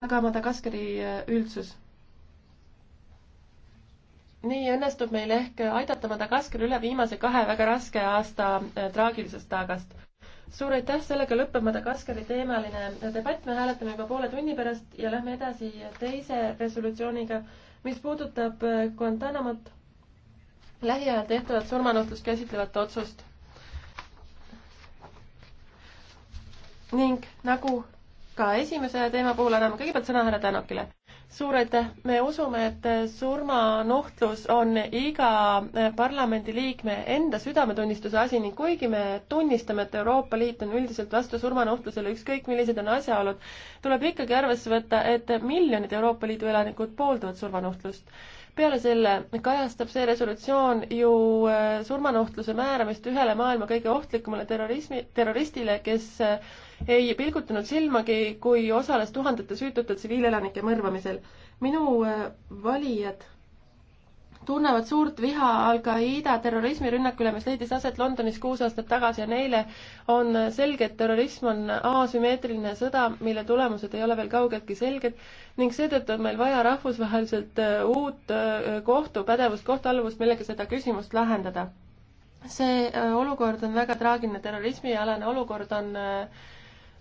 aga Madagaskari äh, üldsus. nii õnnestub meil ehk aidata Madagaskari üle viimase kahe väga raske aasta äh, traagilisest taagast. suur aitäh, sellega lõpeb Madagaskari teemaline debatt, me hääletame juba poole tunni pärast ja lähme edasi teise resolutsiooniga, mis puudutab äh, Guantanamot, lähiajal tehtavat surmanuhtlust käsitlevat otsust. ning nagu ka esimese teema puhul anname kõigepealt sõna härra Tänokile. suur aitäh, me usume, et surmanuhtlus on iga äh, parlamendiliikme enda südametunnistuse asi ning kuigi me tunnistame, et Euroopa Liit on üldiselt vastu surmanuhtlusele, ükskõik millised on asjaolud, tuleb ikkagi arvesse võtta, et miljonid Euroopa Liidu elanikud pooldavad surmanuhtlust peale selle kajastab see resolutsioon ju äh, surmanuhtluse määramist ühele maailma kõige ohtlikumale terrorismi, terroristile, kes äh, ei pilgutanud silmagi, kui osales tuhandete süütute tsiviilelanike mõrvamisel. minu äh, valijad tunnevad suurt viha Al-Qaeda terrorismirünnaku üle, mis leidis aset Londonis kuus aastat tagasi ja neile on selge, et terrorism on asümmeetriline sõda, mille tulemused ei ole veel kaugeltki selged ning seetõttu on meil vaja rahvusvaheliselt äh, uut äh, kohtupädevust, kohtualluvust, millega seda küsimust lahendada. see olukord on väga traagiline, terrorismialane olukord on äh,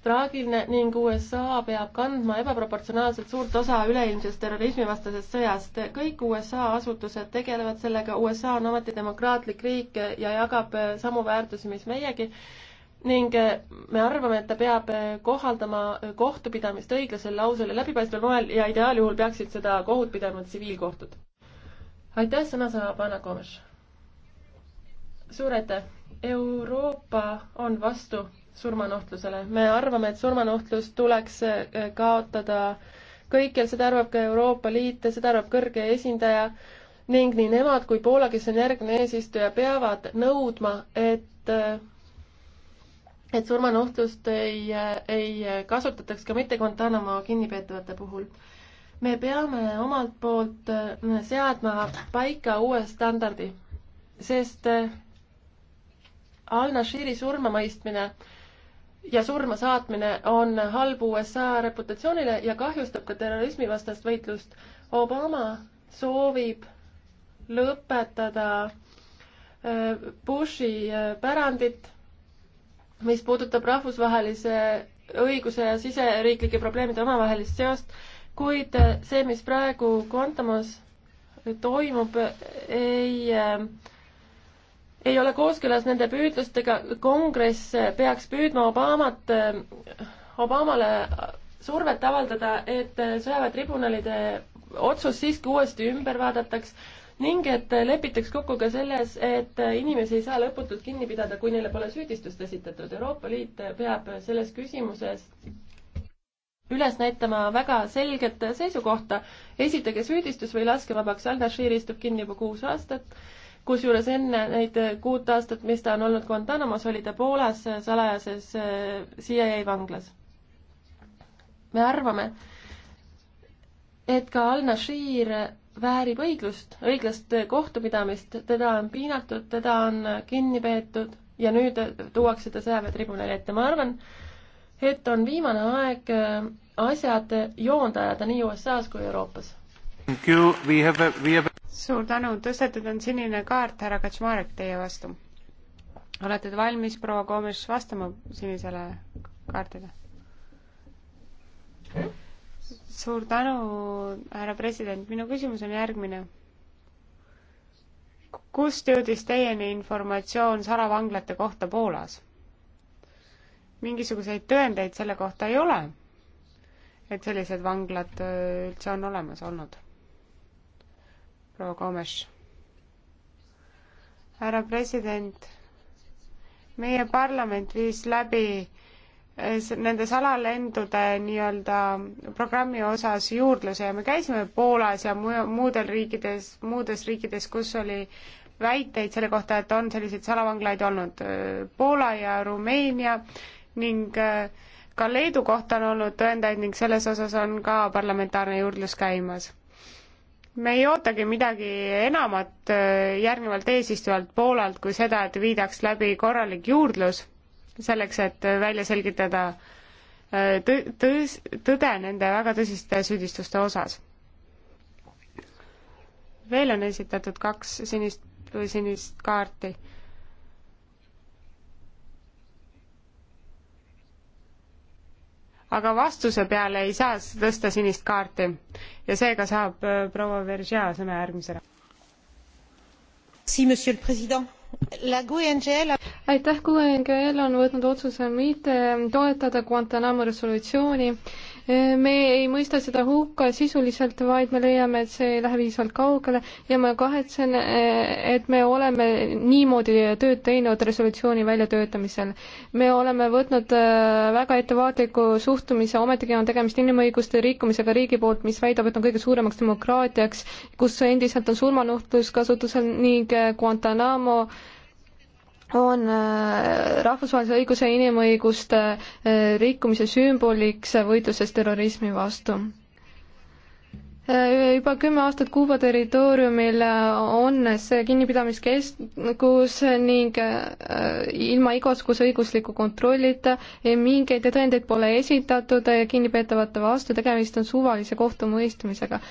traagiline ning USA peab kandma ebaproportsionaalselt suurt osa üleilmsest terrorismivastasest sõjast. kõik USA asutused tegelevad sellega, USA on ometi demokraatlik riik ja jagab samu väärtusi, mis meiegi, ning me arvame, et ta peab kohaldama kohtupidamist õiglasel, ausal ja läbipaistval moel ja ideaaljuhul peaksid seda kohut pidama tsiviilkohtud. aitäh, sõna saab Anna Komes. suur aitäh! Euroopa on vastu surmanohtlusele. me arvame, et surmanohtlus tuleks eh, kaotada kõikjal, seda arvab ka Euroopa Liit ja seda arvab kõrge esindaja ning nii nemad kui Poola, kes on järgmine eesistuja, peavad nõudma, et eh, et surmanohtlust ei, eh, ei kasutataks ka mitte Guantanamo kinnipeetavate puhul. me peame omalt poolt seadma paika uue standardi, sest Al-Nashiri surmamõistmine ja surma saatmine on halb USA reputatsioonile ja kahjustab ka terrorismivastast võitlust. Obama soovib lõpetada äh, Bushi äh, pärandit, mis puudutab rahvusvahelise õiguse ja siseriiklike probleemide omavahelist seost, kuid äh, see, mis praegu Guantamos toimub, ei äh, ei ole kooskõlas nende püüdlustega, kongress peaks püüdma Obamat, Obamale survet avaldada, et sõjaväetribunalide otsus siiski uuesti ümber vaadataks ning et lepitaks kokku ka selles, et inimesi ei saa lõputult kinni pidada, kui neile pole süüdistust esitatud. Euroopa Liit peab selles küsimuses üles näitama väga selget seisukohta. esitage süüdistus või laske vabaks. Al-Bashir istub kinni juba kuus aastat kusjuures enne neid kuut aastat, mis ta on olnud Guantanamos, oli ta Poolas salajases äh, CIA vanglas. me arvame, et ka Al-Nashir väärib õiglust, õiglast kohtupidamist, teda on piinatud, teda on kinni peetud ja nüüd tuuakse ta sõjaväetribunali ette, ma arvan, et on viimane aeg äh, asjad joonda ajada nii USA-s kui Euroopas. Thank you, we have a, we have a suur tänu, tõstetud on sinine kaart, härra Kaczmarek, teie vastu. olete te valmis, proua Koomes, vastama sinisele kaardile? suur tänu, härra president, minu küsimus on järgmine. kust jõudis teieni informatsioon salavanglate kohta Poolas? mingisuguseid tõendeid selle kohta ei ole, et sellised vanglad äh, üldse on olemas olnud proua Komes. härra president, meie parlament viis läbi eh, nende salalendude nii-öelda programmi osas juurdluse ja me käisime Poolas ja mu-, muudel riikides, muudes riikides, kus oli väiteid selle kohta, et on selliseid salavanglaid olnud eh, Poola ja Rumeenia ning eh, ka Leedu kohta on olnud tõendeid ning selles osas on ka parlamentaarne juurdlus käimas me ei ootagi midagi enamat äh, järgnevalt eesistujalt Poolalt kui seda, et viidaks läbi korralik juurdlus selleks, et välja selgitada äh, tõ-, tõs-, tõde nende väga tõsiste süüdistuste osas. veel on esitatud kaks sinist, sinist kaarti aga vastuse peale ei saa tõsta sinist kaarti ja seega saab äh, proua Vergea sõna järgmisena. aitäh, QNGL on võtnud otsuse mitte toetada Guantanamo resolutsiooni me ei mõista seda hukka sisuliselt, vaid me leiame, et see ei lähe piisavalt kaugele ja ma kahetsen, et me oleme niimoodi tööd teinud resolutsiooni väljatöötamisel. me oleme võtnud äh, väga ettevaatliku suhtumise, ometigi on tegemist inimõiguste rikkumisega riigi poolt, mis väidab, et on kõige suuremaks demokraatiaks, kus endiselt on surmanuhtlus kasutusel ning äh, Guantanamo äh, on äh, rahvusvahelise õiguse ja inimõiguste äh, rikkumise sümboliks võitluses terrorismi vastu Äh, juba kümme aastat Kuuba territooriumil äh, on see kinnipidamiskeskus äh, ning ilma igasuguse õigusliku kontrollita mingeid tõendeid pole esitatud kinnipeetavate vastu, tegemist on suvalise kohtumõistmisega.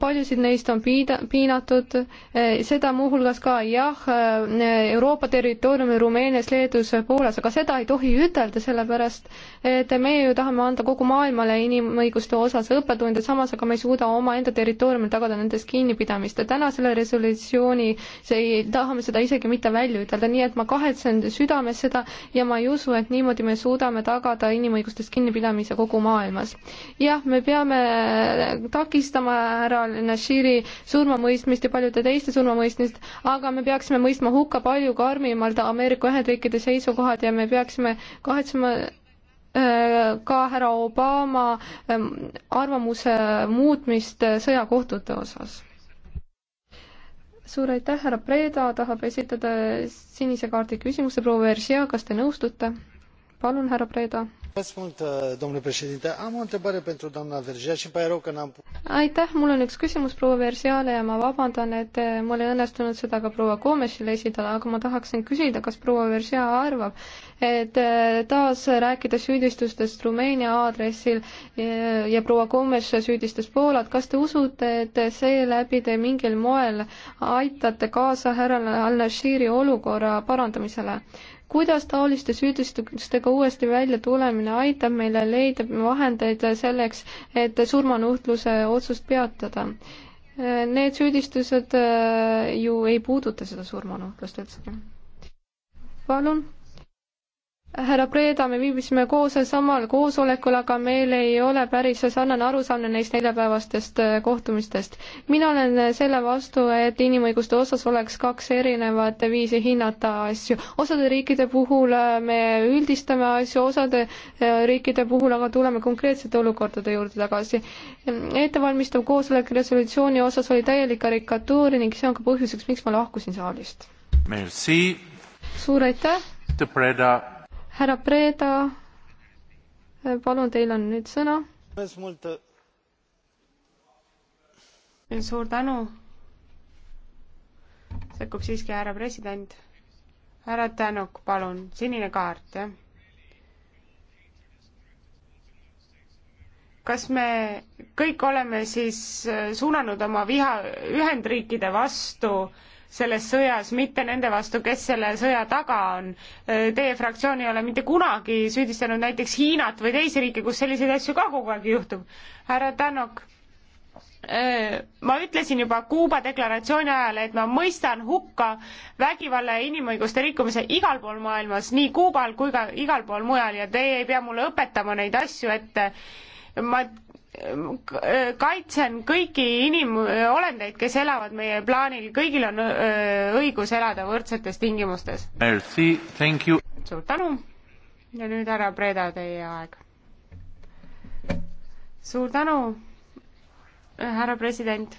paljusid neist on piida-, piinatud, seda muuhulgas ka jah, Euroopa territooriumil Rumeenias, Leedus, Poolas, aga seda ei tohi ütelda, sellepärast et meie ju tahame anda kogu maailmale inimõiguste osas õppetunde, samas aga me ei suuda oma omaenda territooriumil tagada nendest kinnipidamist ja täna selle resolutsiooni, see ei, tahame seda isegi mitte välja ütelda, nii et ma kahetsen südames seda ja ma ei usu, et niimoodi me suudame tagada inimõigustest kinnipidamise kogu maailmas. jah, me peame takistama härra Nashiri surmamõistmist ja paljude teiste surmamõistmist, aga me peaksime mõistma hukka palju karmimalt Ameerika Ühendriikide seisukohad ja me peaksime kahetsema ka härra Obama ähm, arvamuse muutmist sõjakohtute osas. suur aitäh, härra Preda tahab esitada sinise kaardi küsimuse, proua Veržia, kas te nõustute? palun, härra Preda Uh, am o întrebare pentru doamna vergiat și îmi pare rău că n am aitäh, mul on üks küsimus proua Versiale ja ma vabandan, et eh, mul ei õnnestunud seda ka proua Koomesile esitada, aga ma tahaksin küsida, kas proua Vergia arvab, et eh, taas rääkides süüdistustest Rumeenia aadressil eh, ja proua Koomes süüdistas Poolat, kas te usute, et seeläbi te mingil moel aitate kaasa härra Al-Nashiri olukorra parandamisele? kuidas taoliste süüdistustega uuesti välja tulemine aitab meile leida vahendeid selleks, et surmanuhtluse otsust peatada? Need süüdistused äh, ju ei puuduta seda surmanuhtlust üldse. palun härra Preeda, me viibisime koos samal koosolekul, aga meil ei ole päris sarnane arusaamine neist neljapäevastest äh, kohtumistest. mina olen selle vastu, et inimõiguste osas oleks kaks erinevat viisi hinnata asju. osade riikide puhul äh, me üldistame asju, osade äh, riikide puhul aga tuleme konkreetsete olukordade juurde tagasi. ettevalmistav koosolek resolutsiooni osas oli täielik karikatuur ning see on ka põhjuseks, miks ma lahkusin saalist. suur aitäh! Preda härra Preda, palun, teil on nüüd sõna. suur tänu, sekkub siiski härra president. härra Tänuk, palun, sinine kaart, jah. kas me kõik oleme siis äh, suunanud oma viha Ühendriikide vastu äh, selles sõjas, mitte nende vastu, kes selle sõja taga on. Teie fraktsioon ei ole mitte kunagi süüdistanud näiteks Hiinat või teisi riike, kus selliseid asju ka kogu aeg juhtub. härra Tänok, ma ütlesin juba Kuuba deklaratsiooni ajal, et ma mõistan hukka vägivalla ja inimõiguste rikkumise igal pool maailmas, nii Kuubal kui ka igal pool mujal ja teie ei pea mulle õpetama neid asju, et ma kaitsen kõiki inimolendeid, kes elavad meie plaanil, kõigil on õigus elada võrdsetes tingimustes. suur tänu ja nüüd härra Breda, teie aeg. suur tänu, härra president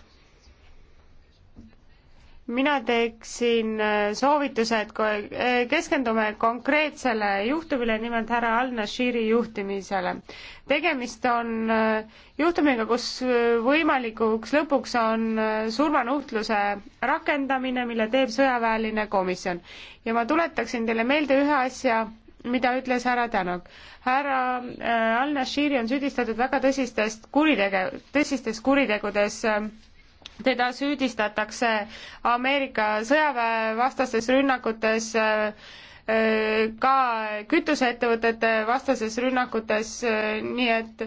mina teeksin äh, soovituse, et äh, keskendume konkreetsele juhtumile, nimelt härra al-Nashiri juhtimisele. tegemist on äh, juhtumiga, kus võimalikuks lõpuks on surmanuhtluse rakendamine, mille teeb sõjaväeline komisjon. ja ma tuletaksin teile meelde ühe asja, mida ütles härra Tänak. härra al-Nashiri on süüdistatud väga tõsistest kuritege-, tõsistes kuritegudes äh, teda süüdistatakse Ameerika sõjaväevastastes rünnakutes ka kütuseettevõtete vastases rünnakutes, nii et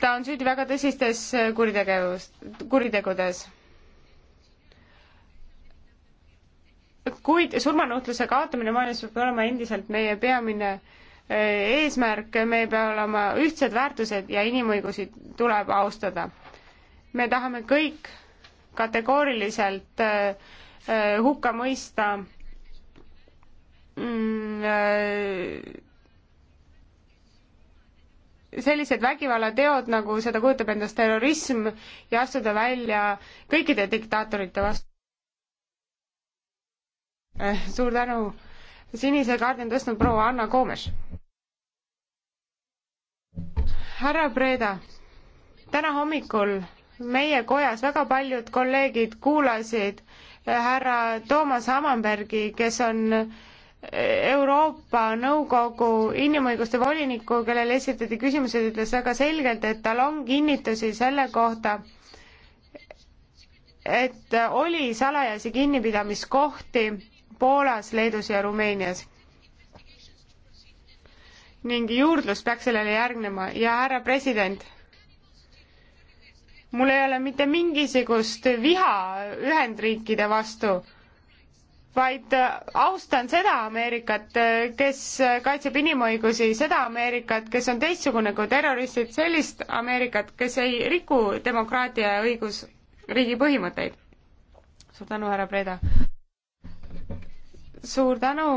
ta on süüdi väga tõsistes kuritegevus, kuritegudes. kuid surmanuhtluse kaotamine maailmas peab olema endiselt meie peamine eh, eesmärk, meil peab olema ühtsed väärtused ja inimõigusi tuleb austada me tahame kõik kategooriliselt äh, äh, hukka mõista mm, äh, sellised vägivallateod, nagu seda kujutab endast terrorism ja astuda välja kõikide diktaatorite vastu. suur tänu. sinise kaardi on tõstnud proua Anna Koomes. härra Breda, täna hommikul meie kojas väga paljud kolleegid kuulasid härra Toomas Hammarbergi, kes on Euroopa Nõukogu inimõiguste voliniku, kellele esitati küsimused, ütles väga selgelt, et tal on kinnitusi selle kohta, et oli salajasi kinnipidamiskohti Poolas, Leedus ja Rumeenias ning juurdlus peaks sellele järgnema ja härra president, mul ei ole mitte mingisugust viha Ühendriikide vastu, vaid äh, austan seda Ameerikat, äh, kes äh, kaitseb inimõigusi, seda Ameerikat, kes on teistsugune kui terroristid, sellist Ameerikat, kes ei riku demokraatia ja õigusriigi põhimõtteid. suur tänu, härra Preda! suur tänu,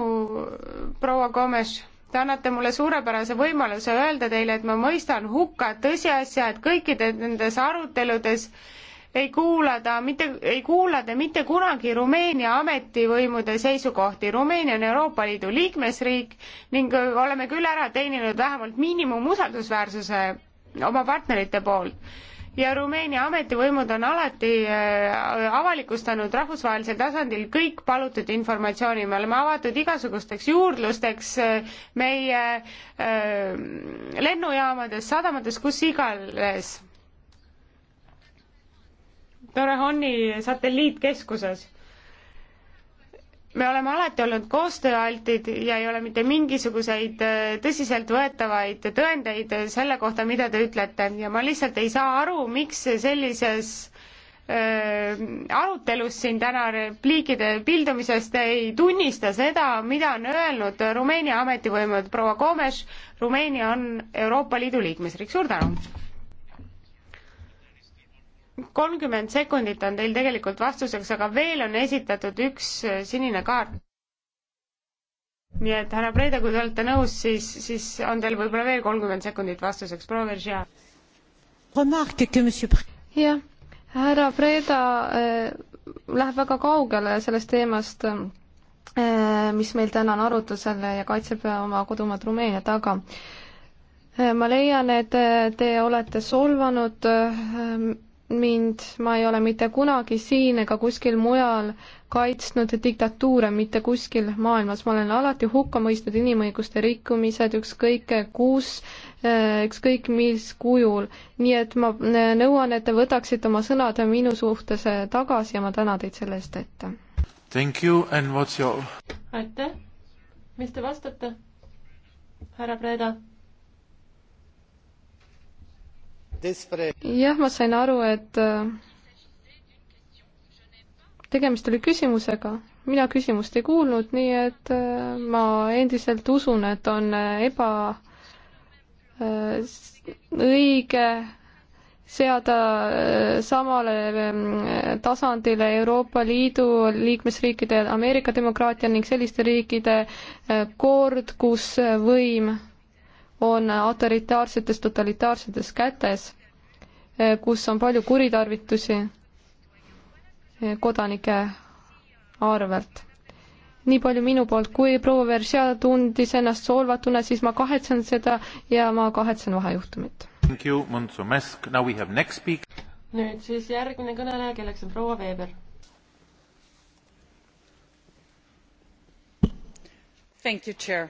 proua Gomes! Te annate mulle suurepärase võimaluse öelda teile, et ma mõistan hukka tõsiasja, et kõikides nendes aruteludes ei kuula ta mitte, ei kuula te mitte kunagi Rumeenia ametivõimude seisukohti. Rumeenia on Euroopa Liidu liikmesriik ning oleme küll ära teeninud vähemalt miinimumusaldusväärsuse oma partnerite poolt ja Rumeenia ametivõimud on alati äh, avalikustanud rahvusvahelisel tasandil kõik palutud informatsiooni, me oleme avatud igasugusteks juurdlusteks äh, meie äh, lennujaamades, sadamates, kus iganes. Torrehoni satelliitkeskuses me oleme alati olnud koostööaltid ja ei ole mitte mingisuguseid äh, tõsiseltvõetavaid tõendeid selle kohta, mida te ütlete ja ma lihtsalt ei saa aru, miks sellises äh, arutelus siin täna repliikide pildumisest ei tunnista seda, mida on öelnud Rumeenia ametivõimud proua Komes. Rumeenia on Euroopa Liidu liikmesriik, suur tänu! kolmkümmend sekundit on teil tegelikult vastuseks, aga veel on esitatud üks äh, sinine kaart. nii et härra Preede, kui te olete nõus, siis, siis on teil võib-olla veel kolmkümmend sekundit vastuseks, proua Veržia. jah, härra Preeda äh, läheb väga kaugele sellest teemast, äh, mis meil täna on arutusel ja kaitseb oma kodumaad Rumeeniat, aga ma leian, et te olete solvanud mind, ma ei ole mitte kunagi siin ega kuskil mujal kaitsnud diktatuure mitte kuskil maailmas, ma olen alati hukka mõistnud inimõiguste rikkumised ükskõik kus, ükskõik mis kujul. nii et ma äh, nõuan, et te võtaksite oma sõnad minu suhtes äh, tagasi ja ma tänan teid selle eest ette. Thank you and what's your aitäh, mis te vastate, härra Breda? jah, ma sain aru, et äh, tegemist oli küsimusega, mina küsimust ei kuulnud, nii et äh, ma endiselt usun, et on äh, ebaõige seada samale tasandile Euroopa Liidu liikmesriikide Ameerika demokraatia ning selliste riikide kord, kus võim on autoritaarsetes, totalitaarsetes kätes, kus on palju kuritarvitusi kodanike arvelt. nii palju minu poolt, kui proua Veržea tundis ennast solvatuna, siis ma kahetsen seda ja ma kahetsen vahejuhtumit. nüüd siis järgmine kõneleja, kelleks on proua Veeber. Thank you, Chair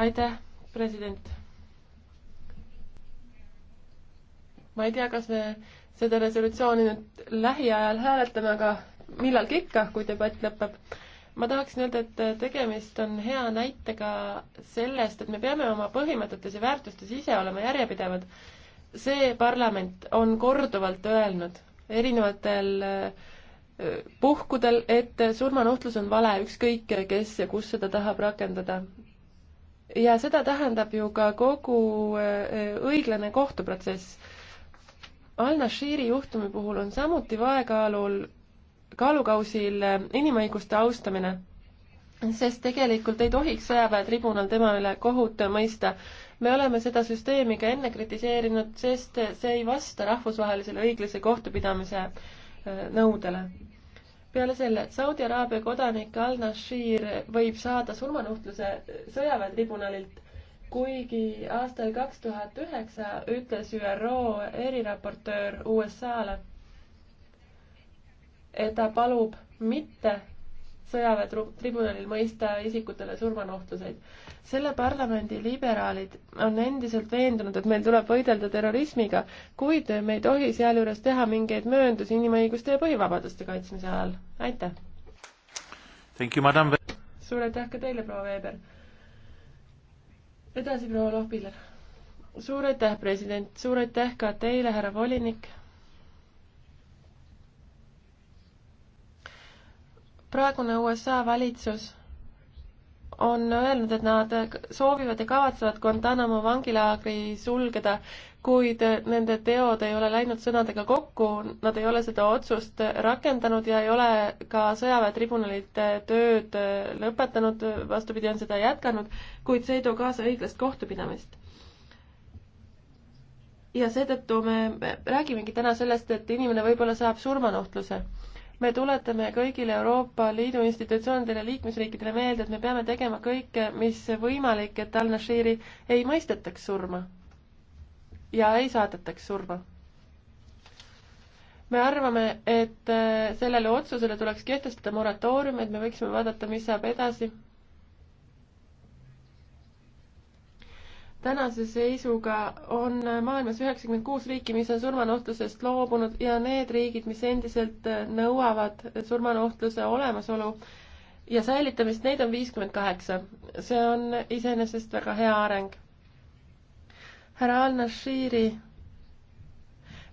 aitäh, president. ma ei tea, kas me seda resolutsiooni nüüd lähiajal hääletame, aga millalgi ikka, kui debatt lõpeb. ma tahaksin öelda, et tegemist on hea näitega sellest, et me peame oma põhimõtetes ja väärtustes ise olema järjepidevad. see parlament on korduvalt öelnud erinevatel äh, puhkudel, et surmanuhtlus on vale, ükskõik kes ja kus seda tahab rakendada ja seda tähendab ju ka kogu äh, äh, õiglane kohtuprotsess. Al-Nashiri juhtumi puhul on samuti vaekaalul, kaalukausil äh, inimõiguste austamine, sest tegelikult ei tohiks sõjaväetribunal tema üle kohut mõista. me oleme seda süsteemi ka enne kritiseerinud, sest see ei vasta rahvusvahelisele õiglase kohtupidamise nõudele peale selle, Saudi Araabia kodanik al-Nashir võib saada surmanuhtluse sõjaväetribunalilt, kuigi aastal kaks tuhat üheksa ütles ÜRO eriraportöör USA-le, et ta palub mitte sõjaväetribunalil mõista isikutele surmanohtuseid. selle parlamendi liberaalid on endiselt veendunud, et meil tuleb võidelda terrorismiga, kuid me ei tohi sealjuures teha mingeid mööndusi inimõiguste ja põhivabaduste kaitsmise alal. aitäh! suur aitäh ka teile, proua Veeber! edasi, proua Lohpiller! suur aitäh, president, suur aitäh ka teile, härra volinik praegune USA valitsus on öelnud, et nad soovivad ja kavatsevad Guantanamo vangilaagri sulgeda, kuid nende teod ei ole läinud sõnadega kokku, nad ei ole seda otsust rakendanud ja ei ole ka sõjaväetribunalite tööd lõpetanud, vastupidi, on seda jätkanud, kuid see ei too kaasa õiglast kohtupidamist. ja seetõttu me räägimegi täna sellest, et inimene võib-olla saab surmanuhtluse me tuletame kõigile Euroopa Liidu institutsioonidele, liikmesriikidele meelde, et me peame tegema kõike, mis võimalik, et al-Nashiri ei mõistetaks surma ja ei saadetaks surma. me arvame, et äh, sellele otsusele tuleks kehtestada moratoorium, et me võiksime vaadata, mis saab edasi tänase seisuga on maailmas üheksakümmend kuus riiki, mis on surmanohtlusest loobunud ja need riigid, mis endiselt nõuavad surmanohtluse olemasolu ja säilitamist, neid on viiskümmend kaheksa. see on iseenesest väga hea areng. härra Al-Nashiri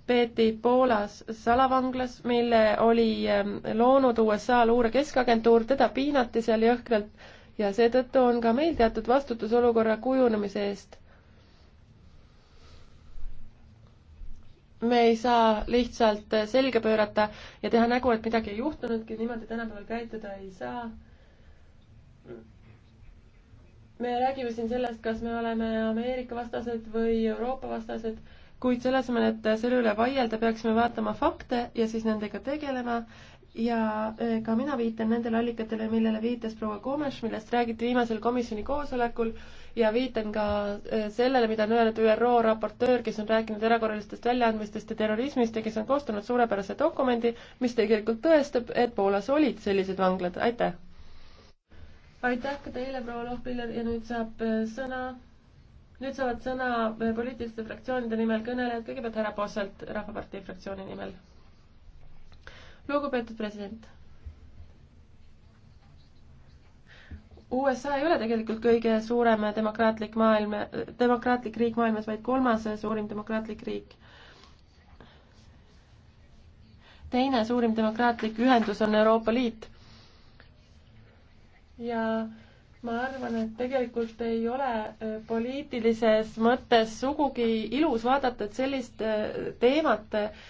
peeti Poolas salavanglas, mille oli ehm, loonud USA luurekeskagentuur, teda piinati seal jõhkralt ja seetõttu on ka meil teatud vastutus olukorra kujunemise eest. me ei saa lihtsalt selga pöörata ja teha nägu, et midagi ei juhtunudki, niimoodi tänapäeval käituda ei saa. me räägime siin sellest, kas me oleme Ameerika vastased või Euroopa vastased kuid selle asemel, et selle üle vaielda, peaksime vaatama fakte ja siis nendega tegelema ja äh, ka mina viitan nendele allikatele, millele viitas proua Komes, millest räägiti viimasel komisjoni koosolekul ja viitan ka äh, sellele, mida on öelnud ÜRO raportöör, kes on rääkinud erakorralistest väljaandmistest ja terrorismist ja kes on koostanud suurepärase dokumendi, mis tegelikult tõestab, et Poolas olid sellised vanglad, aitäh! aitäh ka teile, proua Lohpiller ja nüüd saab äh, sõna nüüd saavad sõna äh, poliitiliste fraktsioonide nimel kõnelejad, kõigepealt härra Posselt Rahvapartei fraktsiooni nimel. lugupeetud president. USA ei ole tegelikult kõige suurem demokraatlik maailm, äh, demokraatlik riik maailmas, vaid kolmas suurim demokraatlik riik. teine suurim demokraatlik ühendus on Euroopa Liit. ja ma arvan, et tegelikult ei ole äh, poliitilises mõttes sugugi ilus vaadata, et sellist äh, teemat äh,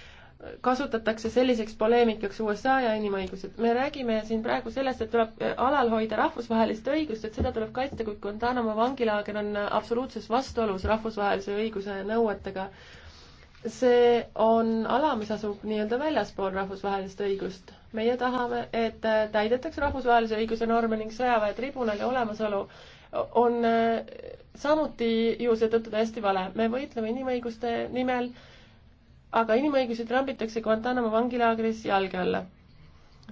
kasutatakse selliseks poleemikaks USA ja inimõigused. me räägime siin praegu sellest, et tuleb alal hoida rahvusvahelist õigust, et seda tuleb kaitsta, kuid Guantanamo vangilaager on absoluutses vastuolus rahvusvahelise õiguse nõuetega. see on ala, mis asub nii-öelda väljaspool rahvusvahelist õigust meie tahame, et äh, täidetaks rahvusvahelise õiguse norme ning sõjaväetribunali olemasolu on äh, samuti ju seetõttu täiesti vale. me võitleme inimõiguste nimel, aga inimõigusi trambitakse Guantanamo vangilaagris jalge alla.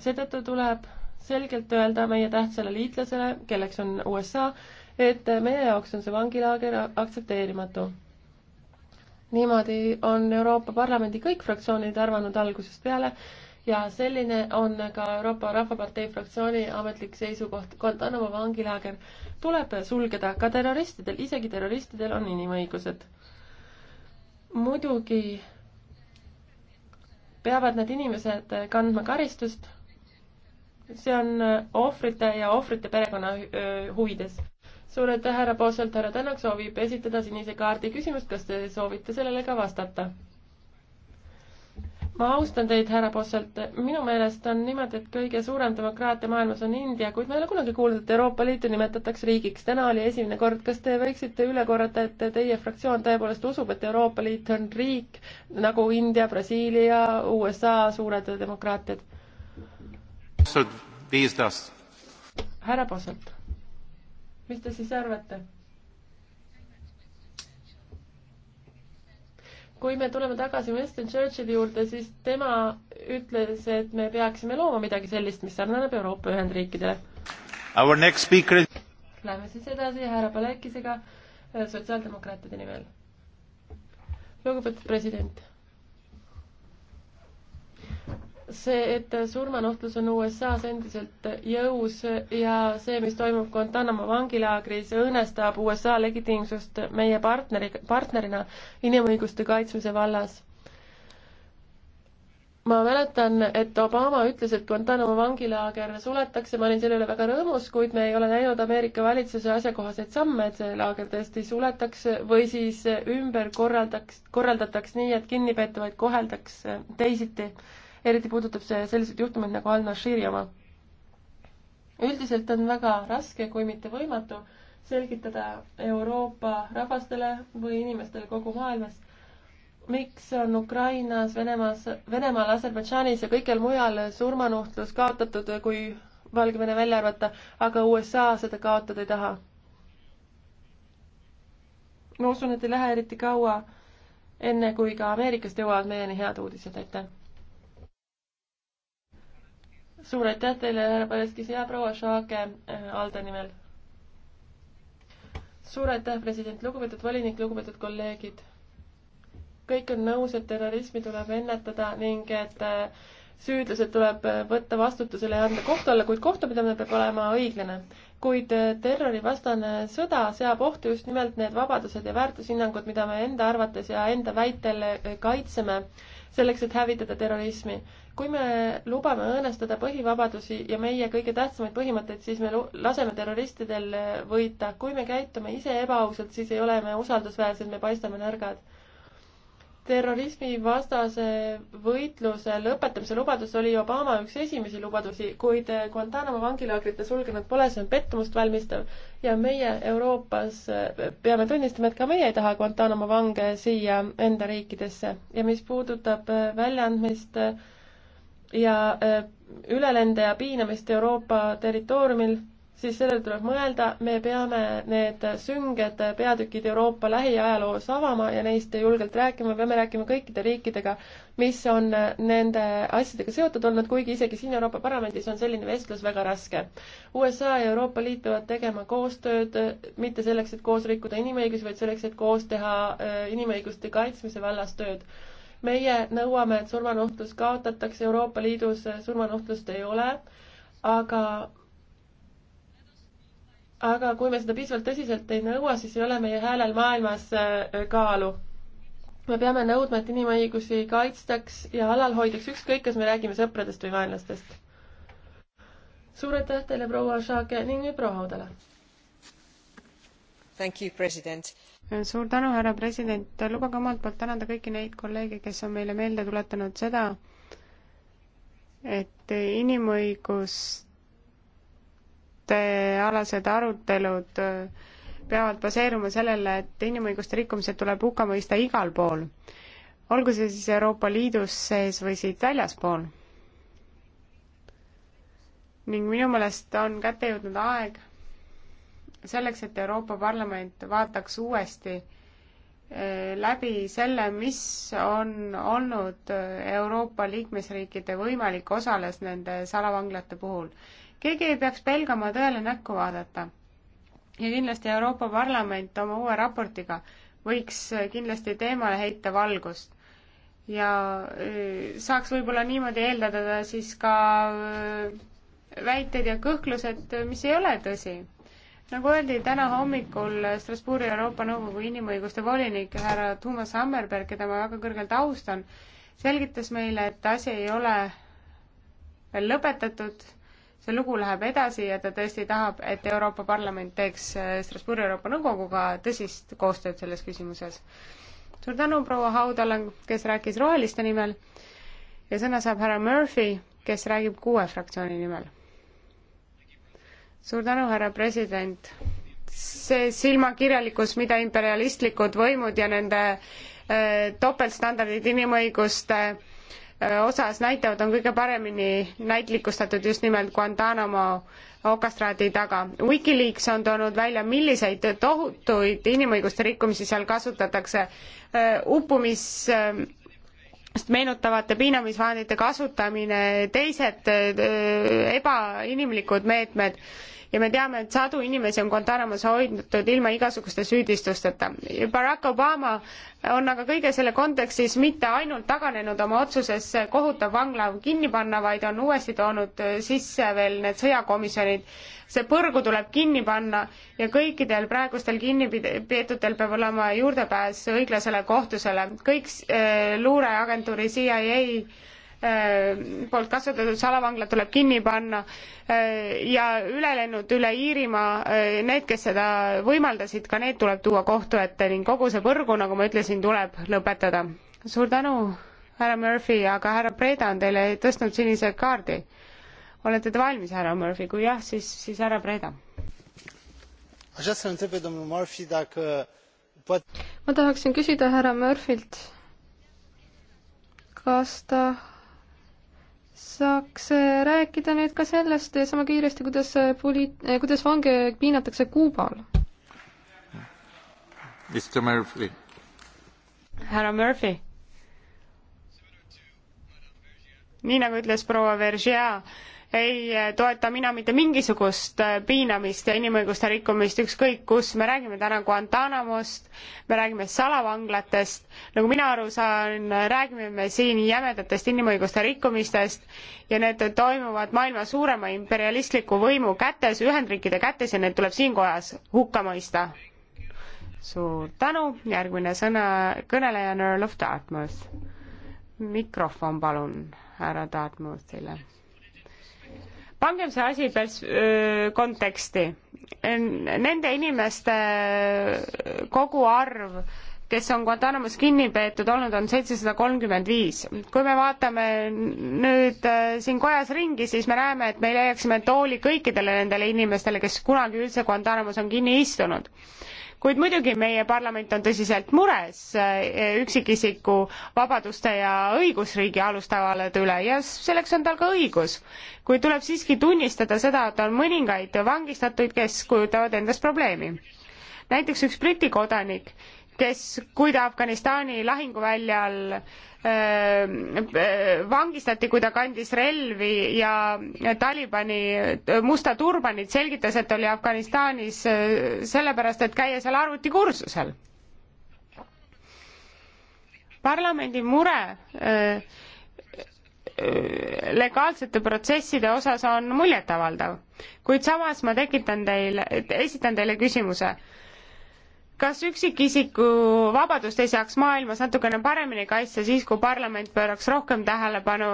seetõttu tuleb selgelt öelda meie tähtsale liitlasele, kelleks on USA, et meie jaoks on see vangilaager aktsepteerimatu. niimoodi on Euroopa Parlamendi kõik fraktsioonid arvanud algusest peale ja selline on ka Euroopa Rahvapartei fraktsiooni ametlik seisukoht. Guantanamo vangilaager tuleb sulgeda ka terroristidel, isegi terroristidel on inimõigused. muidugi peavad need inimesed kandma karistust. see on ohvrite ja ohvrite perekonna huvides. suur aitäh, härra Posselt, härra Tänak soovib esitada sinise kaardi küsimust, kas te soovite sellele ka vastata? ma austan teid, härra Posselt, minu meelest on niimoodi, et kõige suurem demokraatia maailmas on India, kuid ma ei ole kunagi kuulnud, et Euroopa Liitu nimetatakse riigiks. täna oli esimene kord, kas te võiksite üle korrata, et teie fraktsioon tõepoolest usub, et Euroopa Liit on riik nagu India, Brasiilia, USA suured demokraatiad? härra Posselt, mis te siis arvate? kui me tuleme tagasi Winston Churchilli juurde, siis tema ütles, et me peaksime looma midagi sellist, mis sarnaneb Euroopa Ühendriikidele. Speaker... Läheme siis edasi härra Palekisega eh, sotsiaaldemokraatide nimel. lugupeetud president see, et surmanuhtlus on USA-s endiselt jõus ja see, mis toimub Guantanamo vangilaagris, õõnestab USA legitiimsust meie partneri, partnerina inimõiguste kaitsmise vallas. ma mäletan, et Obama ütles, et Guantanamo vangilaager suletakse, ma olin selle üle väga rõõmus, kuid me ei ole näinud Ameerika valitsuse asjakohaseid samme, et see laager tõesti suletakse või siis ümber korraldaks, korraldataks nii, et kinnipeetavaid koheldaks teisiti eriti puudutab see selliseid juhtumeid nagu Al-Nashiri oma. üldiselt on väga raske, kui mitte võimatu, selgitada Euroopa rahvastele või inimestele kogu maailmas, miks on Ukrainas, Venemaas, Venemaal, Aserbaidžaanis ja kõikjal mujal surmanuhtlus kaotatud, kui Valgevene välja arvata, aga USA seda kaotada ei taha. ma usun, et ei lähe eriti kaua, enne kui ka Ameerikast jõuavad meieni head uudised, aitäh! suur aitäh teile, härra Paleskis ja proua Šaake äh, Alde nimel. suur aitäh, president, lugupeetud volinik, lugupeetud kolleegid. kõik on nõus, et terrorismi tuleb ennetada ning et äh, süüdlased tuleb äh, võtta vastutusele ja anda kohtu alla, kuid kohtupidamine peab olema õiglane. kuid äh, terrorivastane sõda seab ohtu just nimelt need vabadused ja väärtushinnangud, mida me enda arvates ja enda väitel äh, kaitseme, selleks, et hävitada terrorismi. kui me lubame õõnestada põhivabadusi ja meie kõige tähtsamaid põhimõtteid, siis me laseme terroristidel võita. kui me käitume ise ebaausalt, siis ei ole me usaldusväärsed, me paistame nõrgad terrorismivastase võitluse lõpetamise lubadus oli Obama üks esimesi lubadusi, kuid Guantanamo vangilaagrite sulgenud pole, see on pettumust valmistav ja meie Euroopas eh, peame tunnistama, et ka meie ei taha Guantanamo vange siia enda riikidesse ja mis puudutab eh, väljaandmist eh, ja ülelende ja piinamist Euroopa territooriumil, siis sellele tuleb mõelda, me peame need sünged peatükid Euroopa lähiajaloos avama ja neist julgelt rääkima, peame rääkima kõikide riikidega, mis on nende asjadega seotud olnud, kuigi isegi siin Euroopa Parlamendis on selline vestlus väga raske. USA ja Euroopa Liit peavad tegema koostööd mitte selleks, et koos rikkuda inimõigusi, vaid selleks, et koos teha äh, inimõiguste kaitsmise vallas tööd meie nõuame, et surmanuhtlus kaotatakse, Euroopa Liidus surmanuhtlust ei ole, aga aga kui me seda piisavalt tõsiselt ei nõua, siis ei ole meie häälel maailmas äh, kaalu. me peame nõudma, et inimõigusi kaitstaks ja alal hoidaks, ükskõik, kas me räägime sõpradest või vaenlastest. suur aitäh teile, proua Šake ning nüüd proua Haudale. suur tänu, härra president, lubage omalt poolt tänada kõiki neid kolleege, kes on meile meelde tuletanud seda, et inimõigust inimõigustealased arutelud äh, peavad baseeruma sellele, et inimõiguste rikkumised tuleb hukka mõista igal pool, olgu see siis Euroopa Liidus sees või siit väljaspool. ning minu meelest on kätte jõudnud aeg selleks, et Euroopa Parlament vaataks uuesti äh, läbi selle, mis on olnud Euroopa liikmesriikide võimalik osales nende salavanglate puhul keegi ei peaks pelgama tõele näkku vaadata. ja kindlasti Euroopa Parlament oma uue raportiga võiks kindlasti teemale heita valgust ja e, saaks võib-olla niimoodi eeldada siis ka e, väited ja kõhklused, mis ei ole tõsi. nagu öeldi täna hommikul Strasbourgi Euroopa Nõukogu inimõiguste volinik härra Thomas Hammerberg, keda ma väga kõrgelt austan, selgitas meile, et asi ei ole veel lõpetatud see lugu läheb edasi ja ta tõesti tahab, et Euroopa Parlament teeks äh, Strasbourgi Euroopa Nõukoguga tõsist koostööd selles küsimuses. suur tänu proua Haudale, kes rääkis Roheliste nimel ja sõna saab härra Murphy, kes räägib kuue fraktsiooni nimel. suur tänu, härra president. see silmakirjalikkus, mida imperialistlikud võimud ja nende äh, topeltstandardid inimõiguste äh, Äh, osas näitavad, on kõige paremini näitlikustatud just nimelt Guantanamo okastraadi taga. Wikileaks on toonud välja, milliseid tohutuid inimõiguste rikkumisi seal kasutatakse. Äh, uppumis sest äh, meenutavate piinamisvahendite kasutamine, teised ebainimlikud meetmed ja me teame, et sadu inimesi on Guantanamos hoidnud ilma igasuguste süüdistusteta. Barack Obama on aga kõige selle kontekstis mitte ainult taganenud oma otsuses kohutav vangla kinni panna, vaid on uuesti toonud sisse veel need sõjakomisjonid. see põrgu tuleb kinni panna ja kõikidel praegustel kinnipeetutel peab olema juurdepääs õiglasele kohtusele. kõik äh, luureagentuuri CIA Äh, poolt kasvatatud salavangla tuleb kinni panna äh, ja ülejäänud üle Iirimaa, äh, need, kes seda võimaldasid, ka need tuleb tuua kohtu ette ning kogu see põrgu, nagu ma ütlesin, tuleb lõpetada. suur tänu, härra Murphy, aga härra Preda on teile tõstnud sinise kaardi. olete te valmis, härra Murphy, kui jah, siis, siis härra Preda. ma tahaksin küsida härra Murphylt, kas ta saaks äh, rääkida nüüd ka sellest äh, sama kiiresti, kuidas äh, poliit-, kuidas vange piinatakse Kuubal. härra Murphy. nii nagu ütles proua Vergea, ei toeta mina mitte mingisugust äh, piinamist ja inimõiguste rikkumist ükskõik kus, me räägime täna Guantanamost, me räägime salavanglatest, nagu mina aru saan, räägime me siin jämedatest inimõiguste rikkumistest ja need toimuvad maailma suurema imperialistliku võimu kätes, Ühendriikide kätes ja need tuleb siin kojas hukka mõista. suur tänu, järgmine sõna kõneleja on Earl of Dartmouth. mikrofon palun härra Dartmouthile pangem see asi pers-, konteksti. Nende inimeste koguarv, kes on Guantanamos kinni peetud olnud, on seitsesada kolmkümmend viis. kui me vaatame nüüd siin kojas ringi, siis me näeme, et me leiaksime tooli kõikidele nendele inimestele, kes kunagi üldse Guantanamos on kinni istunud kuid muidugi meie parlament on tõsiselt mures eh, üksikisiku vabaduste ja õigusriigi alustavalade üle ja selleks on tal ka õigus. kuid tuleb siiski tunnistada seda, et on mõningaid vangistatuid, kes kujutavad endast probleemi. näiteks üks Briti kodanik, kes, kui ta Afganistani lahinguväljal vangistati, kui ta kandis relvi ja Talibani musta turbanit, selgitas, et oli Afganistanis sellepärast, et käia seal arvutikursusel. parlamendi mure legaalsete protsesside osas on muljetavaldav, kuid samas ma tekitan teile, esitan teile küsimuse kas üksikisiku vabadust ei saaks maailmas natukene paremini kaitsta siis, kui parlament pööraks rohkem tähelepanu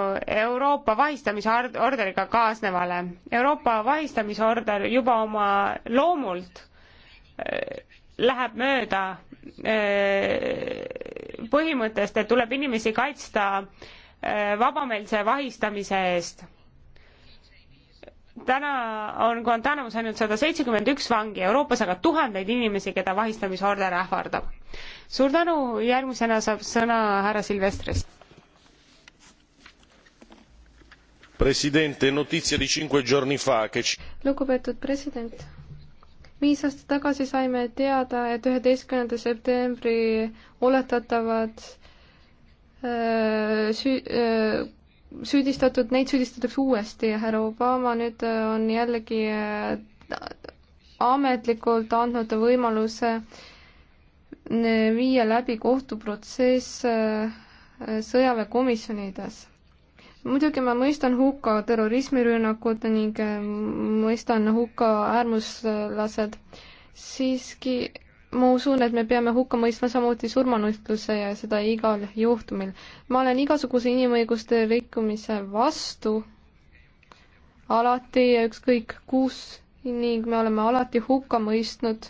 Euroopa vahistamisorderiga kaasnevale? Euroopa vahistamisorder juba oma loomult äh, läheb mööda äh, põhimõttest, et tuleb inimesi kaitsta äh, vabameelse vahistamise eest täna on Guantanamos ainult sada seitsekümmend üks vangi, Euroopas aga tuhandeid inimesi, keda vahistamisorder ähvardab. suur tänu, järgmisena saab sõna härra Silvestrist. Presidente, notizia di cinque giorni fa che lugupeetud president, viis aastat tagasi saime teada, et üheteistkümnenda septembri oletatavad öö, äh, süü-, äh, süüdistatud, neid süüdistatakse uuesti, härra Obama nüüd äh, on jällegi äh, ametlikult andnud võimaluse äh, viia läbi kohtuprotsess sõjaväekomisjonides. muidugi ma mõistan hukka terrorismirünnakud ning mõistan hukka äärmuslased, siiski ma usun, et me peame hukka mõistma samuti surmanuistluse ja seda igal juhtumil. ma olen igasuguse inimõiguste rikkumise vastu alati ja ükskõik kus ning me oleme alati hukka mõistnud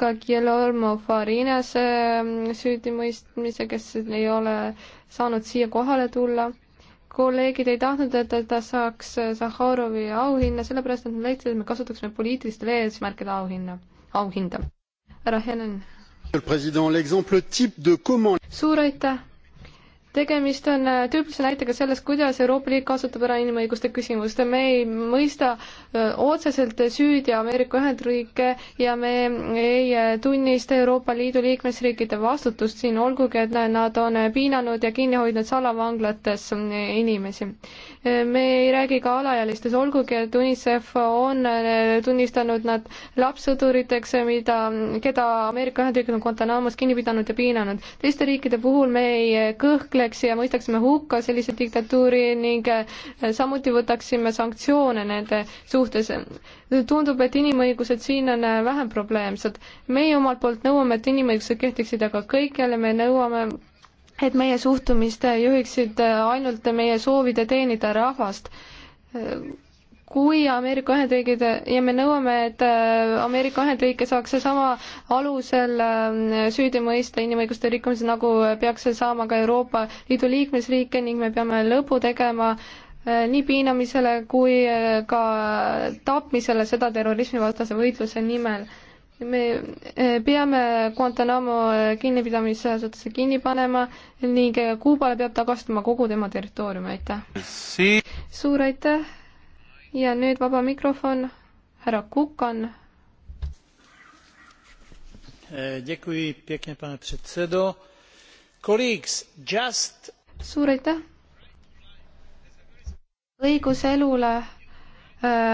ka Guillermo Farinase ähm, süüdimõistmise, kes ei ole saanud siia kohale tulla. kolleegid ei tahtnud, et ta saaks Zahharovi auhinna, sellepärast et nad leidsid, et me kasutaksime poliitilistel eesmärkidel auhinna, auhinda härra Henen. suur aitäh tegemist on äh, tüüpilise näitega sellest, kuidas Euroopa Liit kasutab ära inimõiguste küsimust. me ei mõista äh, otseselt süüdi Ameerika Ühendriike ja me ei äh, tunnista Euroopa Liidu liikmesriikide vastutust siin, olgugi et nad on piinanud ja kinni hoidnud salavanglates inimesi. me ei räägi ka alaealistes, olgugi et UNICEF on tunnistanud nad lapssõduriteks, mida, keda Ameerika Ühendriigid on Guantanamos kinni pidanud ja piinanud. teiste riikide puhul me ei kõhkle selleks ja mõistaksime hukka sellise diktatuuri ning äh, samuti võtaksime sanktsioone nende suhtes. tundub, et inimõigused siin on äh, vähem probleemsed. meie omalt poolt nõuame, et inimõigused kehtiksid aga kõikjale, me nõuame et meie suhtumist juhiksid äh, ainult meie soovide teenida rahvast kui Ameerika Ühendriigid ja me nõuame, et äh, Ameerika Ühendriike saaks seesama alusel äh, süüdi mõista inimõiguste rikkumise, nagu äh, peaks see saama ka Euroopa Liidu liikmesriike ning me peame lõpu tegema nii piinamisele kui ka tapmisele, seda terrorismivastase võitluse nimel me peame Guantanamo kinnipidamisasutuse kinni panema ning Kuubale peab tagastama kogu tema territoorium, aitäh! suur aitäh! ja nüüd vaba mikrofon, härra Kukan. Eh, suur aitäh. õigus elule eh,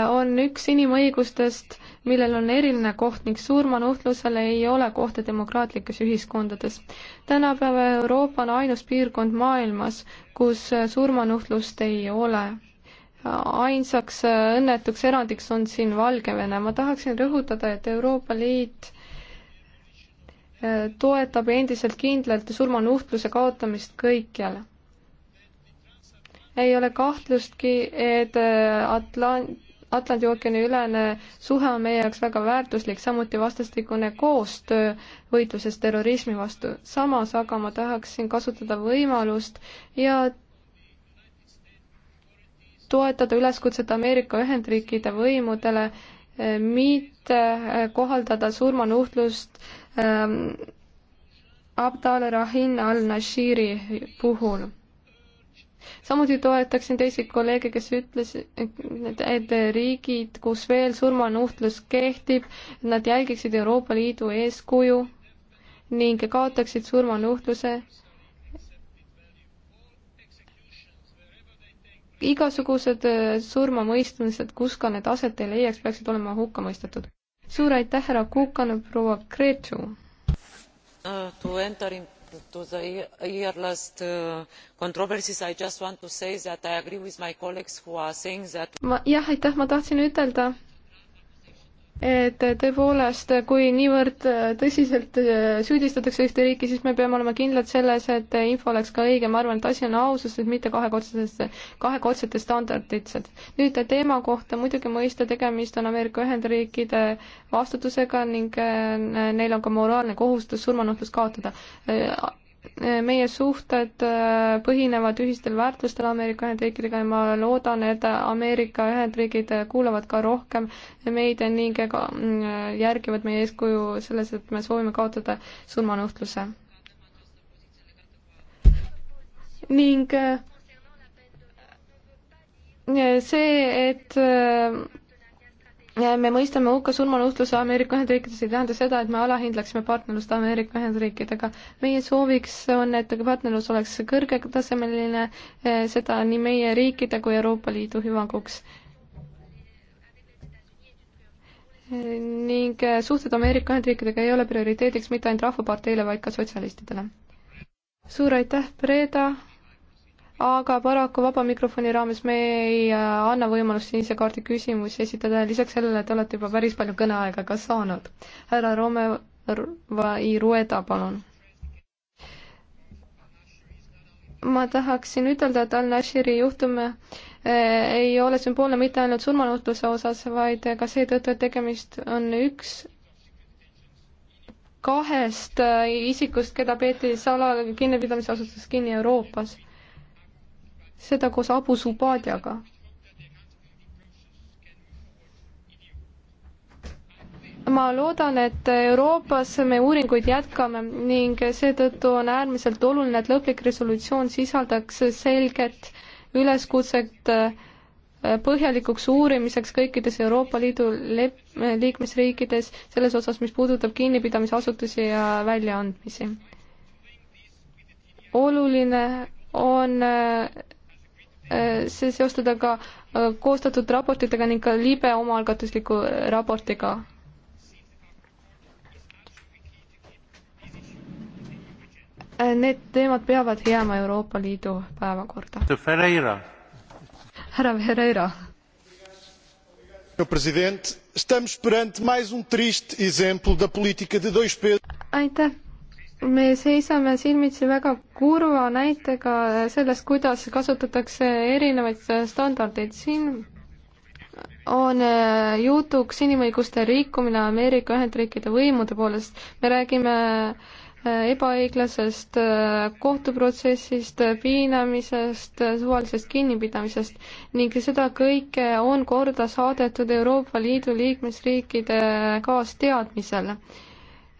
on üks inimõigustest, millel on eriline koht ning surmanuhtlusele ei ole kohta demokraatlikes ühiskondades. tänapäeva Euroopa on ainus piirkond maailmas, kus surmanuhtlust ei ole ainsaks äh, õnnetuks erandiks on siin Valgevene. ma tahaksin rõhutada, et Euroopa Liit äh, toetab endiselt kindlalt surmanuhtluse kaotamist kõikjal. ei ole kahtlustki, et äh, Atlant, Atlandi ookeani ülene suhe on meie jaoks väga väärtuslik, samuti vastastikune koostöö võitluses terrorismi vastu. samas aga ma tahaksin kasutada võimalust ja toetada üleskutset Ameerika Ühendriikide võimudele eh, mitte eh, kohaldada surmanuhtlust ähm, Abdal Rahin al-Nashiri puhul. samuti toetaksin teisi kolleege, kes ütlesid, et riigid, kus veel surmanuhtlus kehtib, nad jälgiksid Euroopa Liidu eeskuju ning kaotaksid surmanuhtluse igasugused äh, surmamõistmised, kus ka need aset ei leiaks, peaksid olema hukka mõistetud. suur aitäh, härra Kukan, proua Kreetsu uh,! To enter into the earless uh, controversies I just want to say that I agree with my colleagues who are saying that ma jah, aitäh, ma tahtsin ütelda, et tõepoolest, kui niivõrd tõsiselt süüdistatakse ühte riiki, siis me peame olema kindlad selles, et info oleks ka õige, ma arvan, et asi on aususes, mitte kahekordsetesse, kahekordsete standarditest. nüüd teema kohta muidugi mõista, tegemist on Ameerika Ühendriikide vastutusega ning äh, neil on ka moraalne kohustus surmanuhtlus kaotada meie suhted äh, põhinevad ühistel väärtustel Ameerika Ühendriikidega ja ma loodan, et Ameerika Ühendriigid kuulavad ka rohkem meid ning ka mm, järgivad meie eeskuju selles, et me soovime kaotada surmanuhtluse. ning äh, see, et äh, me mõistame hukka surmanuhtluse Ameerika Ühendriikides, ei tähenda seda, et me alahindlaksime partnerlust Ameerika Ühendriikidega. meie sooviks on, et partnerlus oleks kõrgetasemeline, eh, seda nii meie riikide kui Euroopa Liidu hüvanguks. ning eh, suhted Ameerika Ühendriikidega ei ole prioriteediks mitte ainult Rahvaparteile, vaid ka sotsialistidele. suur aitäh, Breda! aga paraku vaba mikrofoni raames me ei äh, anna võimalust sinise kaardi küsimusi esitada ja lisaks sellele te olete juba päris palju kõneaega ka saanud. härra Romeva Irueda, palun. ma tahaksin ütelda, et Al-Nashiri juhtum äh, ei ole sümboolne mitte ainult surmanuhtluse osas, vaid ka seetõttu, et tegemist on üks kahest äh, isikust, keda peeti salakinnipidamisasutuses kinni Euroopas seda koos Abu Subadiaga. ma loodan, et Euroopas me uuringuid jätkame ning seetõttu on äärmiselt oluline, et lõplik resolutsioon sisaldaks selget üleskutset äh, põhjalikuks uurimiseks kõikides Euroopa Liidu liikmesriikides selles osas, mis puudutab kinnipidamisasutusi ja väljaandmisi. oluline on äh, Äh, see seostada ka äh, koostatud raportitega ning ka libe omaalgatusliku raportiga. Äh, need teemad peavad jääma Euroopa Liidu päevakorda. härra Ferreira. Um aitäh, me seisame silmitsi väga kurva näitega sellest, kuidas kasutatakse erinevaid standardeid. siin on äh, jutuks inimõiguste rikkumine Ameerika Ühendriikide võimude poolest. me räägime äh, ebaõiglasest äh, kohtuprotsessist, piinamisest, suvalisest kinnipidamisest ning seda kõike on korda saadetud Euroopa Liidu liikmesriikide kaasteadmisel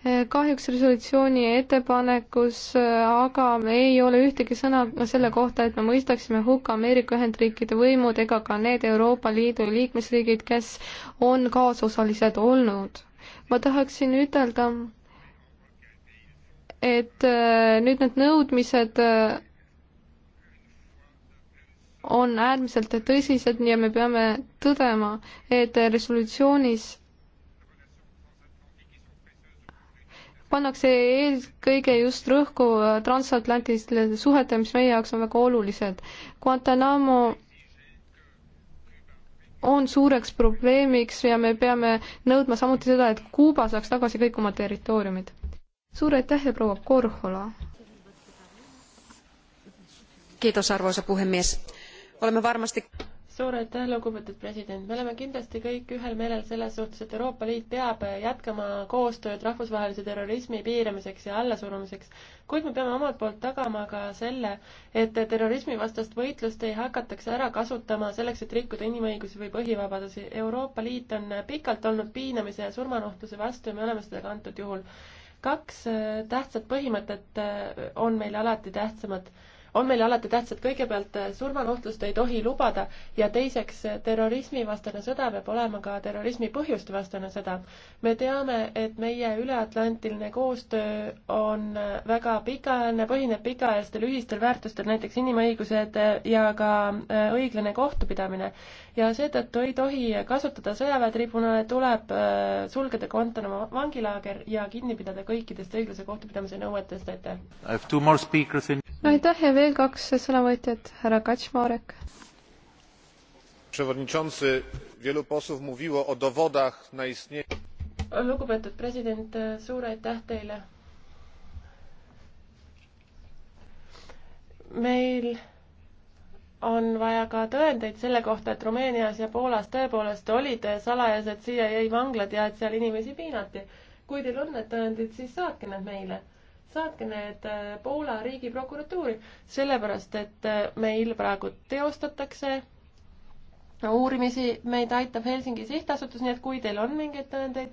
kahjuks resolutsiooni ettepanekus äh, aga me ei ole ühtegi sõna selle kohta, et me mõistaksime hukka Ameerika Ühendriikide võimud ega ka need Euroopa Liidu liikmesriigid, kes on kaasosalised olnud. ma tahaksin ütelda, et äh, nüüd need nõudmised äh, on äärmiselt tõsised ja me peame tõdema, et resolutsioonis pannakse eelkõige just rõhku transatlantilistele suhetele, mis meie jaoks on väga olulised. Guantanamo on suureks probleemiks ja me peame nõudma samuti seda, et Kuuba saaks tagasi kõik oma territooriumid. suur aitäh ja proua Korhola! arvoisa puhemies olemme varmasti suur aitäh, lugupeetud president, me oleme kindlasti kõik ühel meelel selles suhtes, et Euroopa Liit peab jätkama koostööd rahvusvahelise terrorismi piiramiseks ja allasurumiseks, kuid me peame omalt poolt tagama ka selle, et terrorismivastast võitlust ei hakataks ära kasutama selleks, et rikkuda inimõigusi või põhivabadusi. Euroopa Liit on pikalt olnud piinamise ja surmanuhtluse vastu ja me oleme seda ka antud juhul. kaks eh, tähtsat põhimõtet eh, on meile alati tähtsamad on meile alati tähtsad. kõigepealt eh, surmanuhtlust ei tohi lubada ja teiseks, eh, terrorismivastane sõda peab olema ka terrorismi põhjuste vastane sõda. me teame, et meie üleatlantiline koostöö on eh, väga pikaajaline, põhineb pikaajalistel ühistel väärtustel, näiteks inimõigused ja ka õiglane kohtupidamine. ja seetõttu ei tohi kasutada sõjaväetribunale, tuleb sulgeda Guantanamo vangilaager ja kinni pidada kõikidest õiglase kohtupidamise nõuetest, aitäh! no aitäh ja veel kaks sõnavõtjat, härra Kaczmarek. lugupeetud president, suur aitäh teile. meil on vaja ka tõendeid selle kohta, et Rumeenias ja Poolas tõepoolest olid salajased CIA vanglad ja et seal inimesi piinati. kui teil on need tõendid, siis saatke need meile saatke need äh, Poola riigiprokuratuuri, sellepärast et äh, meil praegu teostatakse uurimisi, meid aitab Helsingi sihtasutus, nii et kui teil on mingeid tõendeid,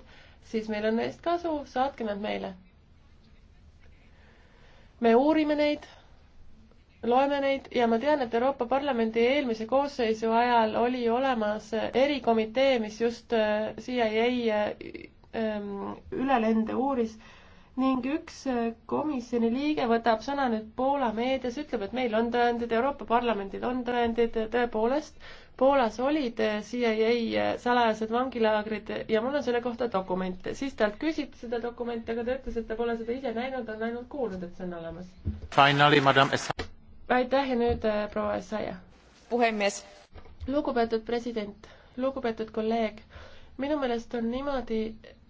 siis meil on neist kasu, saatke nad meile. me uurime neid, loeme neid ja ma tean, et Euroopa Parlamendi eelmise koosseisu ajal oli olemas äh, erikomitee, mis just CIA ähm, ülelende uuris ning üks äh, komisjoni liige võtab sõna nüüd Poola meedias, ütleb, et meil on tõendid, Euroopa Parlamendil on tõendid, tõepoolest, Poolas olid äh, CIA äh, salajased vangilaagrid ja mul on selle kohta dokumente. siis talt küsiti seda dokumenti, aga ta ütles, et ta pole seda ise näinud, on ainult kuulnud, et see on olemas. Finally, madam Essa-. aitäh ja nüüd proua Essaia. puhemees. lugupeetud president, lugupeetud kolleeg, minu meelest on niimoodi,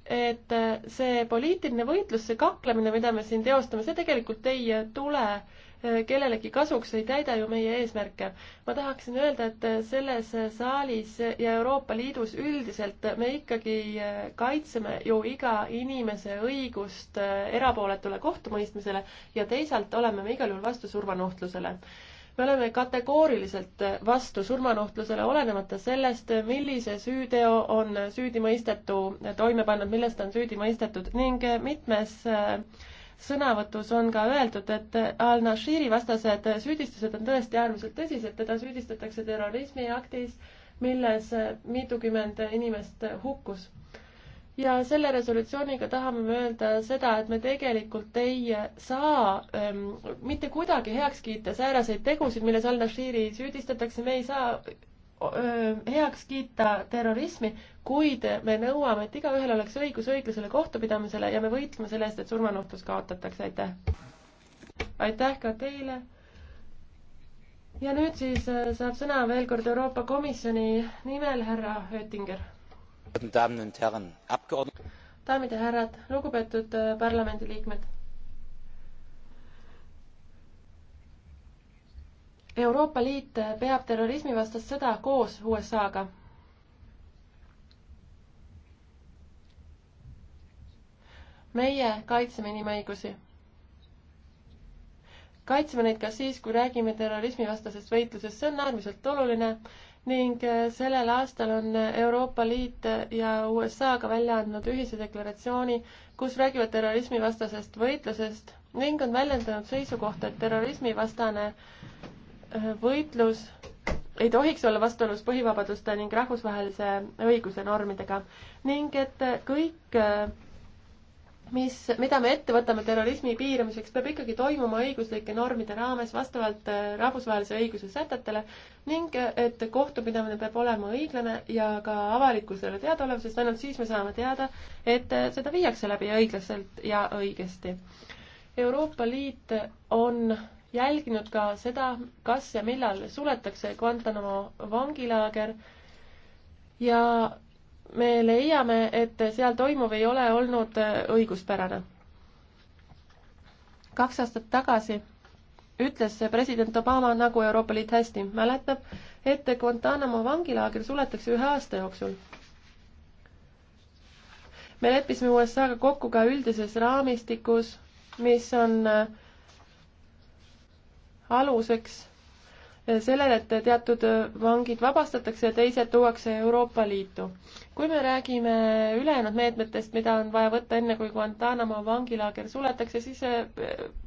et äh, see poliitiline võitlus, see kaklemine, mida me siin teostame, see tegelikult ei äh, tule äh, kellelegi kasuks, ei täida ju meie eesmärke. ma tahaksin öelda, et selles saalis ja Euroopa Liidus üldiselt me ikkagi kaitseme ju iga inimese õigust erapooletule kohtumõistmisele ja teisalt oleme me igal juhul vastu surmanuhtlusele me oleme kategooriliselt vastu surmanuhtlusele, olenemata sellest, millise süüteo on süüdimõistetu toime pannud, milles ta on süüdi mõistetud ning mitmes äh, sõnavõtus on ka öeldud, et al-Nashiri vastased süüdistused on tõesti äärmiselt tõsised, teda süüdistatakse terrorismiaktis, milles mitukümmend inimest hukkus ja selle resolutsiooniga tahame me öelda seda, et me tegelikult ei saa ähm, mitte kuidagi heaks kiita sääraseid tegusid, milles al-Nashiri süüdistatakse, me ei saa ähm, heaks kiita terrorismi, kuid me nõuame, et igaühel oleks õigus õiglasele kohtupidamisele ja me võitleme selle eest, et surmanuhtlus kaotatakse, aitäh! aitäh ka teile! ja nüüd siis äh, saab sõna veel kord Euroopa Komisjoni nimel härra Oettinger daamid ja härrad, lugupeetud äh, parlamendiliikmed. Euroopa Liit äh, peab terrorismivastast sõda koos USA-ga. meie kaitseme inimõigusi. kaitseme neid ka siis, kui räägime terrorismivastasest võitlusest, see on äärmiselt oluline ning äh, sellel aastal on Euroopa Liit ja USA ka välja andnud ühise deklaratsiooni, kus räägivad terrorismivastasest võitlusest ning on väljendanud seisukohta, et terrorismivastane äh, võitlus ei tohiks olla vastuolus põhivabaduste ning rahvusvahelise õiguse normidega ning et kõik äh, mis, mida me ette võtame terrorismi piiramiseks, peab ikkagi toimuma õiguslike normide raames vastavalt äh, rahvusvahelise õiguse sätetele ning äh, et kohtupidamine peab olema õiglane ja ka avalikkusele teadaolev, sest ainult siis me saame teada, et äh, seda viiakse läbi õiglaselt ja õigesti. Euroopa Liit on jälginud ka seda, kas ja millal suletakse Guantanamo vangilaager ja me leiame, et seal toimuv ei ole olnud äh, õiguspärane. kaks aastat tagasi ütles president Obama, nagu Euroopa Liit hästi mäletab, et Guantanamo vangilaager suletakse ühe aasta jooksul. me leppisime USA-ga kokku ka üldises raamistikus, mis on äh, aluseks sellele, et teatud vangid vabastatakse ja teised tuuakse Euroopa Liitu. kui me räägime ülejäänud meetmetest, mida on vaja võtta enne, kui Guantanamo vangilaager suletakse, siis eh,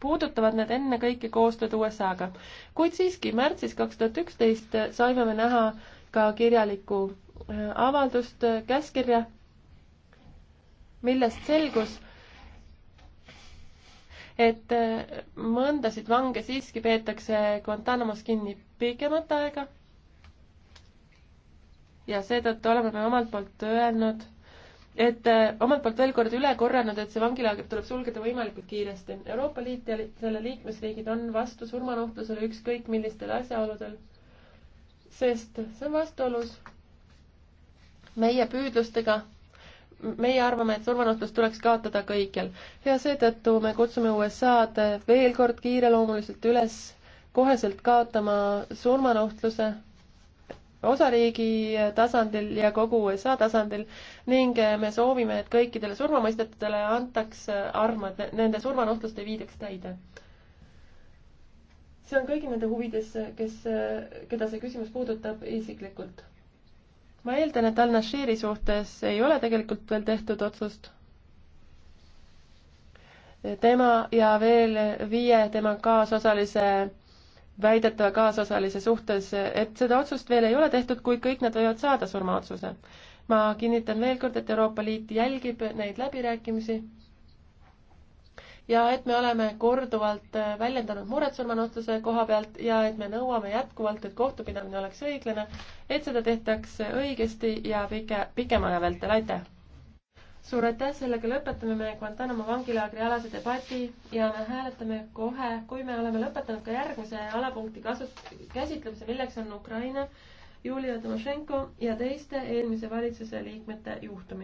puudutavad need ennekõike koostööd USA-ga. kuid siiski, märtsis kaks tuhat üksteist saime me näha ka kirjalikku eh, avaldust, eh, käskkirja, millest selgus, et mõndasid vange siiski peetakse Guantanamos kinni pikemat aega. ja seetõttu oleme me omalt poolt öelnud, et äh, omalt poolt veel kord üle korranud, et see vangilaager tuleb sulgeda võimalikult kiiresti. Euroopa Liit ja selle liikmesriigid on vastu surmanuhtlusele ükskõik millistel asjaoludel, sest see on vastuolus meie püüdlustega. meie arvame, et surmanuhtlus tuleks kaotada kõikjal ja seetõttu me kutsume USA-d veel kord kiireloomuliselt üles koheselt kaotama surmanuhtluse osariigi tasandil ja kogu USA tasandil ning me soovime, et kõikidele surmamõistetutele antaks arm, et nende surmanuhtlust ei viidaks täide. see on kõigi nende huvides, kes, keda see küsimus puudutab isiklikult. ma eeldan, et al-Nashiri suhtes ei ole tegelikult veel tehtud otsust. tema ja veel viie tema kaasosalise väidetava kaasosalise suhtes, et seda otsust veel ei ole tehtud, kuid kõik nad võivad saada surmaotsuse. ma kinnitan veel kord, et Euroopa Liit jälgib neid läbirääkimisi ja et me oleme korduvalt väljendanud muret surmanuhtluse koha pealt ja et me nõuame jätkuvalt, et kohtupidamine oleks õiglane, et seda tehtaks õigesti ja pike, pikema aja vältel, aitäh! suur aitäh, sellega lõpetame me Guantanamo vangilaagri alase debati ja me hääletame kohe, kui me oleme lõpetanud ka järgmise alapunkti kasut-, käsitlemise, milleks on Ukraina, Julia Tomašenko ja teiste eelmise valitsuse liikmete juhtumid.